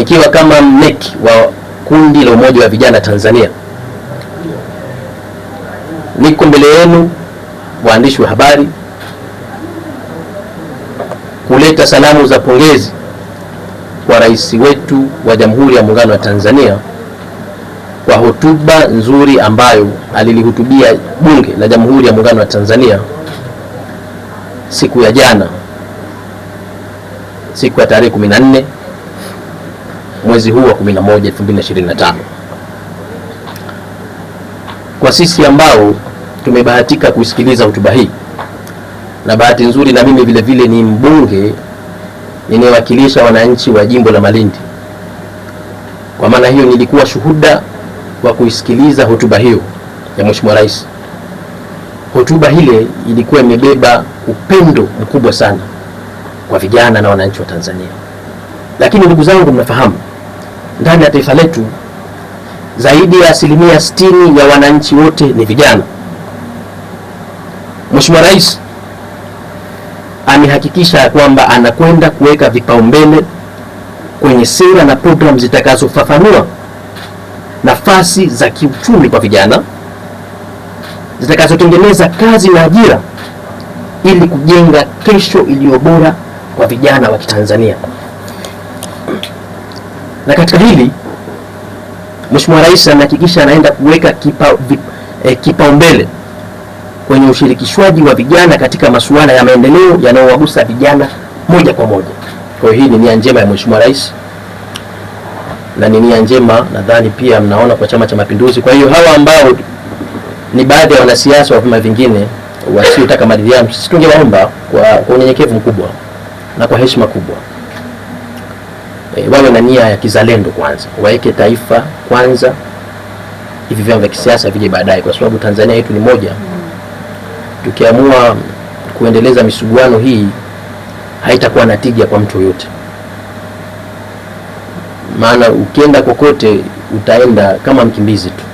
nikiwa kama mneki wa kundi la umoja wa vijana Tanzania, niko mbele yenu waandishi wa habari kuleta salamu za pongezi kwa rais wetu wa Jamhuri ya Muungano wa Tanzania kwa hotuba nzuri ambayo alilihutubia Bunge la Jamhuri ya Muungano wa Tanzania siku ya jana, siku ya tarehe 14 mwezi huu wa 11 2025. Kwa sisi ambao tumebahatika kuisikiliza hotuba hii na bahati nzuri na mimi vile vile ni mbunge ninayewakilisha wananchi wa jimbo la Malindi. Kwa maana hiyo, nilikuwa shuhuda wa kuisikiliza hotuba hiyo ya Mheshimiwa Rais. Hotuba ile ilikuwa imebeba upendo mkubwa sana kwa vijana na wananchi wa Tanzania, lakini ndugu zangu, mnafahamu ndani ya taifa letu zaidi ya asilimia sitini ya wananchi wote ni vijana. Mheshimiwa Rais amehakikisha kwamba anakwenda kuweka vipaumbele kwenye sera na programu zitakazofafanua nafasi za kiuchumi kwa vijana zitakazotengeneza kazi na ajira ili kujenga kesho iliyo bora kwa vijana wa Kitanzania. Na katika hili Mheshimiwa Rais amehakikisha anaenda kuweka eh, kipaumbele eh, kipa kwenye ushirikishwaji wa vijana katika masuala ya maendeleo yanayowagusa vijana moja kwa moja. Kwa hiyo hii ni nia njema ya Mheshimiwa Rais na ni nia njema nadhani pia mnaona kwa Chama cha Mapinduzi. Kwa hiyo hawa ambao ni baadhi ya wanasiasa wa vyama vingine wasiotaka maridhiano, sisi tungewaomba kwa unyenyekevu mkubwa na kwa heshima kubwa e, eh, wawe na nia ya kizalendo kwanza, waweke taifa kwanza, hivi vyama vya kisiasa vije baadaye, kwa sababu Tanzania yetu ni moja. Tukiamua kuendeleza misuguano hii haitakuwa na tija kwa mtu yoyote, maana ukienda kokote utaenda kama mkimbizi tu.